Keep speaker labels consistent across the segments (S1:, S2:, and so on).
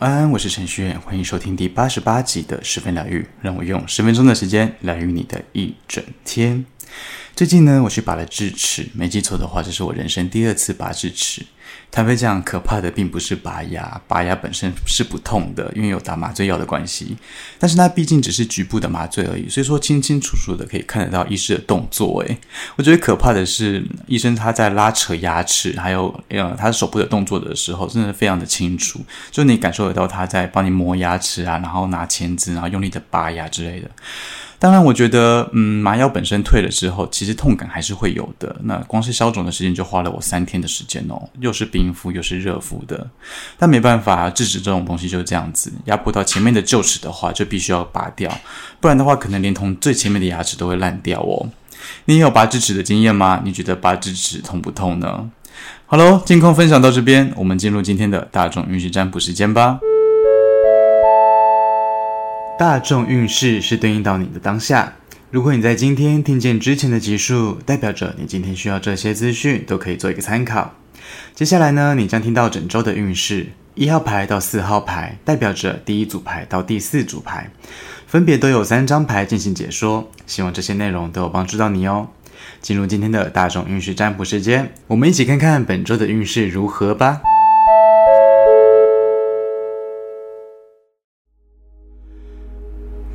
S1: 安安，我是陳旭。歡迎收聽第八十八集的十分療癒，讓我用十分鐘的時間療癒你的一整天。最近呢，我去拔了智齒，沒記錯的話，這是我人生第二次拔智齒。坦白講這樣可怕的並不是拔牙，拔牙本身是不痛的，因為有打麻醉藥的關係。但是它畢竟只是局部的麻醉而已，所以說清清楚楚的可以看得到醫師的動作。誒，我覺得可怕的是，醫生他在拉扯牙齒，還有呃，他手部的動作的時候，真的非常的清楚，就你感受得到他在幫你磨牙齒啊，然後拿鉗子，然後用力的拔牙之類的。當然，我覺得，嗯，麻藥本身退了之後，其實痛感還是會有的。那光是消腫的時間就花了我三天的時間哦，又是冰敷又是熱敷的。但沒辦法，智齒這種東西就是這樣子。壓迫到前面的臼齒的話，就必須要拔掉，不然的話可能連同最前面的牙齒都會爛掉哦。你也有拔智齒的經驗嗎？你覺得拔智齒痛不痛呢？哈嘍，健康分享到這邊，我們進入今天的大眾運勢占卜時間吧。大眾運勢是對應到你的當下。如果你在今天聽見之前的集數，代表着你今天需要這些資訊，都可以做一個參考。接下來呢，你將聽到整周的運勢，一號牌到四號牌，代表着第一組牌到第四組牌，分別都有三張牌進行解說。希望這些內容都有幫助到你哦。進入今天的大眾運勢占卜時間，我們一起看看本周的運勢如何吧。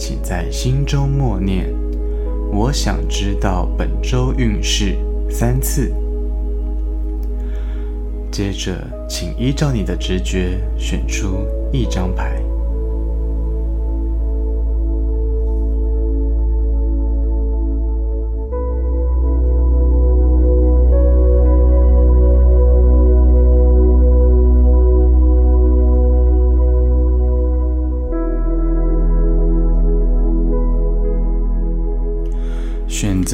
S1: 請在心中默念：“我想知道本週運勢三次。”接着，請依照你的直覺選出一張牌。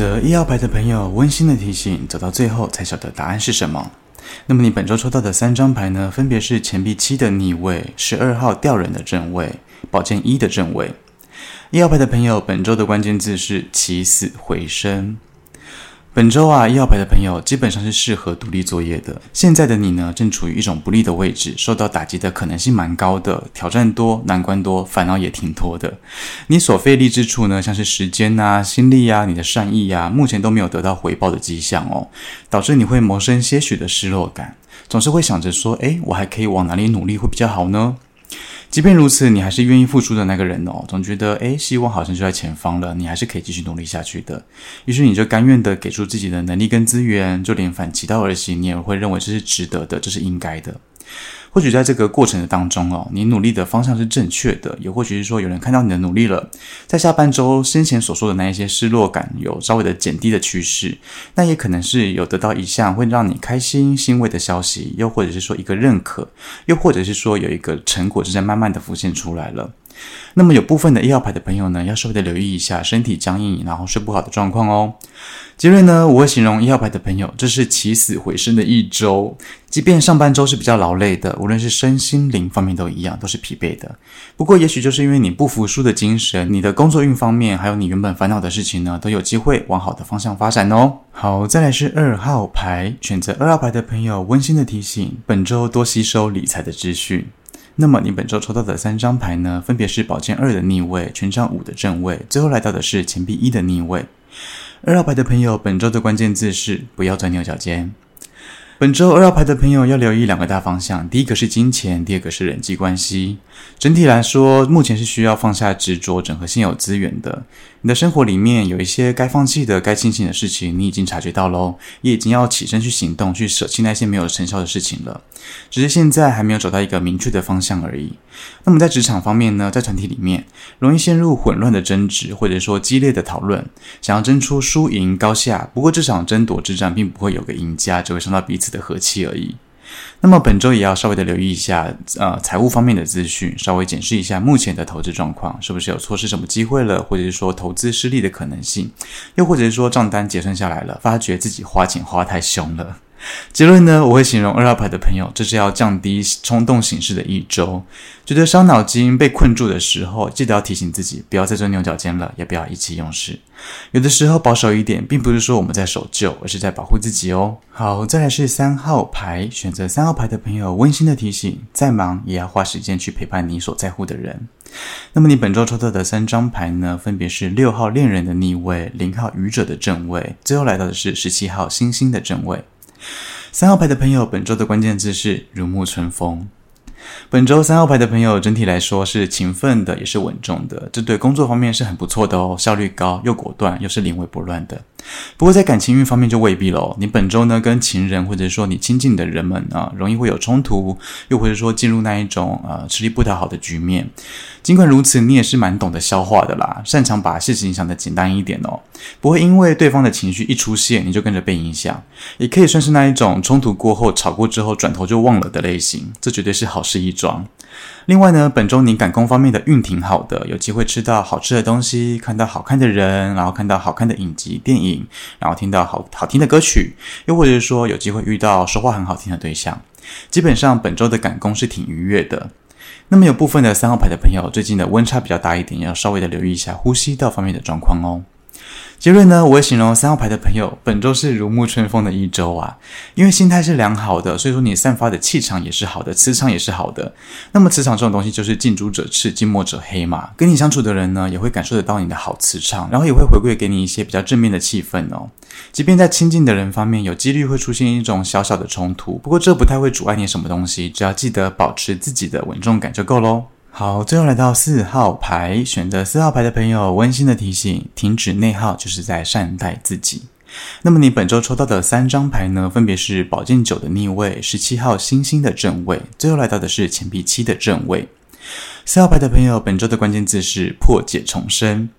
S1: 擇一號牌的朋友溫馨的提醒：走到最後才曉得答案是什麼。那麼你本周抽到的三張牌呢？分別是錢幣七的逆位、十二號吊人的正位、寶劍一的正位。一號牌的朋友，本周的關鍵字是起死回生。本週啊，一號牌的朋友基本上是適合獨立作業的。現在的你呢，正處於一種不利的位置，受到打擊的可能性蠻高的，挑戰多，難關多，煩惱也挺多的。你所費力之處呢，像是時間啊、心力呀、啊、你的善意呀、啊，目前都沒有得到回報的跡象哦，導致你會萌生些許的失落感，總是會想着說，誒，我還可以往哪裡努力會比較好呢？即便如此，你還是願意付出的那個人哦。總覺得，誒，希望好像就在前方了，你還是可以繼續努力下去的。於是，你就甘願地給出自己的能力跟資源，就連反其道而行，你也會認為這是值得的，這是應該的。或許在這個過程的當中哦，你努力的方向是正確的，也或許是說有人看到你的努力了。在下半週，先前所說的那一些失落感有稍微的減低的趨勢，那也可能是有得到一項會讓你開心欣慰的消息，又或者是說一個認可，又或者是說有一個成果正在慢慢的浮現出來了。那麼有部分的一號牌的朋友呢，要稍微的留意一下身體僵硬、然後睡不好的狀況哦。今日呢，我會形容一號牌的朋友，這是起死回生的一周，即便上半周是比較勞累的，無論是身心靈方面都一樣，都是疲憊的。不過也許就是因為你不服輸的精神，你的工作運方面，還有你原本煩惱的事情呢，都有機會往好的方向發展哦。好，再來是二號牌，選擇二號牌的朋友，溫馨的提醒，本周多吸收理財的資訊。那麼你本週抽到的三張牌呢？分別是寶劍二的逆位、權杖五的正位，最後來到的是錢幣一的逆位。二號牌的朋友，本週的關鍵字是不要鑽牛角尖。本周二號牌的朋友要留意兩個大方向，第一個是金錢，第二個是人際關係。整體來說，目前是需要放下執着，整合現有資源的。你的生活裡面有一些該放棄的、該清醒的事情，你已經察覺到嘍，也已經要起身去行動，去捨棄那些沒有成效的事情了。只是現在還沒有找到一個明確的方向而已。那麼在職場方面呢？在團體裡面，容易陷入混亂的爭執，或者說激烈的討論，想要爭出輸贏高下。不過這場爭奪之戰並不會有個贏家，只會傷到彼此。的和氣而已。那麼本周也要稍微的留意一下，呃，財務方面的資訊，稍微檢視一下目前的投資狀況，是不是有錯失什麼機會了，或者是說投資失利的可能性，又或者是說賬單結算下來了，發覺自己花錢花太兇了。結論呢，我會形容二號牌的朋友，這是要降低衝動行事的一周。覺得傷腦筋、被困住的時候，記得要提醒自己，不要再鑽牛角尖了，也不要意氣用事。有的時候保守一點，並不是說我們在守舊，而是在保護自己哦。好，再來是三號牌，選擇三號牌的朋友，溫馨的提醒：再忙也要花時間去陪伴你所在乎的人。那麼你本周抽到的三張牌呢？分別是六號戀人的逆位、零號愚者的正位，最後來到的是十七號星星的正位。三號牌的朋友，本週的關鍵字是如沐春風。本週三號牌的朋友，整體來說是勤奮的，也是穩重的，這對工作方面是很不錯的哦，效率高，又果斷，又是臨危不亂的。不過在感情運方面就未必嘍、哦。你本周呢，跟情人或者說你親近的人們啊，容易會有衝突，又或者說進入那一種啊、呃、吃力不討好的局面。盡管如此，你也是蠻懂得消化的啦，擅長把事情想得簡單一點哦。不會因為對方的情緒一出現，你就跟着被影響。也可以算是那一種衝突過後吵過之後轉頭就忘了的類型，這絕對是好事一樁。另外呢，本週你感官方面的運挺好的，有機會吃到好吃的東西，看到好看的人，然後看到好看的影集、電影，然後聽到好好聽的歌曲，又或者是說有機會遇到說話很好聽的對象。基本上本週的感官是挺愉悅的。那麼有部分的三號牌的朋友，最近的溫差比較大一點，要稍微的留意一下呼吸道方面的狀況哦。結論呢，我也形容三號牌的朋友，本週是如沐春風的一周啊，因為心態是良好的，所以說你散發的氣場也是好的，磁場也是好的。那麼磁場這種東西，就是近朱者赤，近墨者黑嘛。跟你相處的人呢，也會感受得到你的好磁場，然後也會回饋給你一些比較正面的氣氛。哦即便在親近的人方面，有幾率會出現一種小小的衝突，不過這不太會阻礙你什麼東西，只要記得保持自己的穩重感就夠嘍。好，最後來到四號牌，選擇四號牌的朋友，溫馨的提醒：停止內耗，就是在善待自己。那麼你本周抽到的三張牌呢？分別是寶劍九的逆位，十七號星星的正位，最後來到的是錢幣七的正位。四號牌的朋友，本周的關鍵字是破繭重生。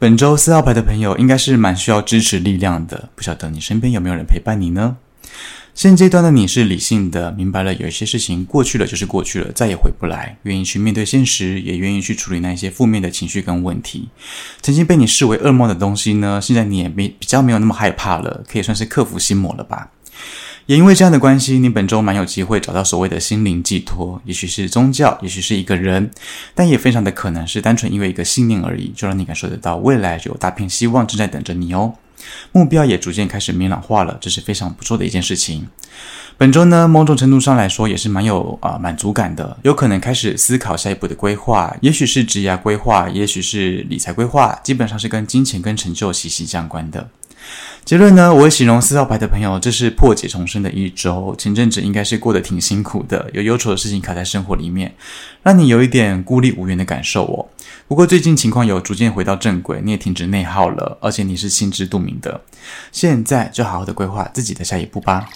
S1: 本周四號牌的朋友，應該是蠻需要支持力量的。不曉得你身邊有沒有人陪伴你呢？現階段的你是理性的，明白了有一些事情過去了就是過去了，再也回不來。願意去面對現實，也願意去處理那些負面的情緒跟問題。曾經被你視為噩夢的東西呢，現在你也沒比較沒有那麼害怕了，可以算是克服心魔了吧。也因為這樣的關係，你本周蠻有機會找到所謂的心靈寄託，也許是宗教，也許是一個人，但也非常的可能是單純因為一個信念而已，就讓你感受得到未來有大片希望正在等着你哦。目標也逐漸開始明朗化了，這是非常不錯的一件事情。本周呢，某種程度上來說也是蠻有啊滿足感的，有可能開始思考下一步的規劃，也許是職業規劃，也許是理財規劃，基本上是跟金錢跟成就息息相關的。結論呢？我形容四號牌的朋友，這是破繭重生的一周。前陣子應該是過得挺辛苦的，有憂愁的事情卡在生活裡面，讓你有一點孤立無援的感受哦。不過最近情況有逐漸回到正軌，你也停止內耗了，而且你是心知肚明的。現在就好好的規劃自己的下一步吧。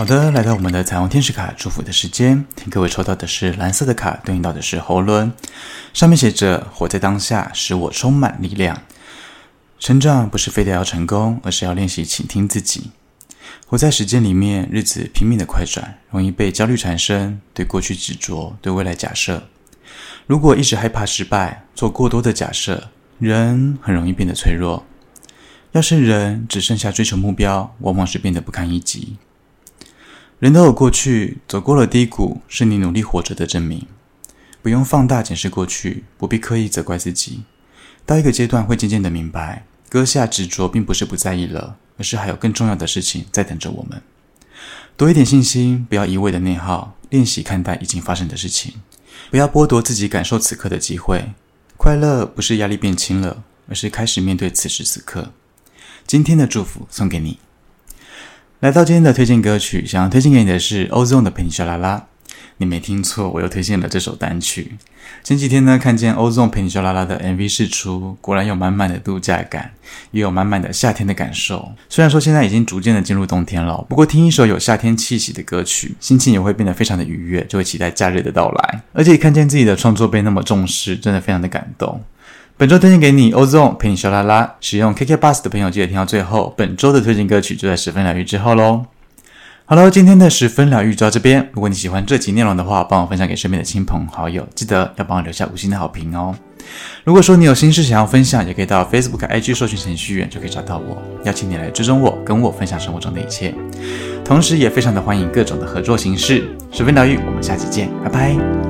S1: 好的，來到我們的彩虹天使卡祝福的時間，請各位抽到的是藍色的卡，對應到的是喉輪，上面寫着：“活在當下，使我充滿力量。成長不是非得要成功，而是要練習傾聽自己。”活在時間裡面，日子拼命的快轉，容易被焦慮纏身，對過去執着，對未來假設。如果一直害怕失敗，做過多的假設，人很容易變得脆弱。要是人只剩下追求目標，往往是變得不堪一擊。人都有過去，走過了低谷，是你努力活着的證明。不用放大檢視過去，不必刻意責怪自己。到一個階段，會漸漸的明白，擱下執着，並不是不在意了，而是還有更重要的事情在等着我們。多一點信心，不要一味的內耗，練習看待已經發生的事情，不要剝奪自己感受此刻的機會。快樂不是壓力變輕了，而是開始面對此時此刻。今天的祝福送給你。來到今天的推薦歌曲，想要推薦給你的是 Ozone 的陪你笑啦啦。你沒聽錯，我又推薦了這首單曲。前幾天呢，看見 Ozone 陪你笑啦啦的 MV 釋出，果然有滿滿的度假感，也有滿滿的夏天的感受。雖然說現在已經逐漸的進入冬天了，不過聽一首有夏天氣息的歌曲，心情也會變得非常的愉悅，就會期待假日的到來。而且看見自己的創作被那麼重視，真的非常的感動。本週推薦給你《Ozone》陪你笑啦啦，使用 KK Bus 的朋友記得聽到最後。本週的推薦歌曲就在十分療癒之後嘍。Hello，今天的十分療癒就到這邊。如果你喜歡這集內容的話，幫我分享給身邊的親朋好友，記得要幫我留下五星的好評哦。如果說你有心事想要分享，也可以到 Facebook、IG 搜尋程序員就可以找到我，邀請你來追蹤我，跟我分享生活中的一切。同時也非常的歡迎各種的合作形式。十分療癒。我們下期見，拜拜。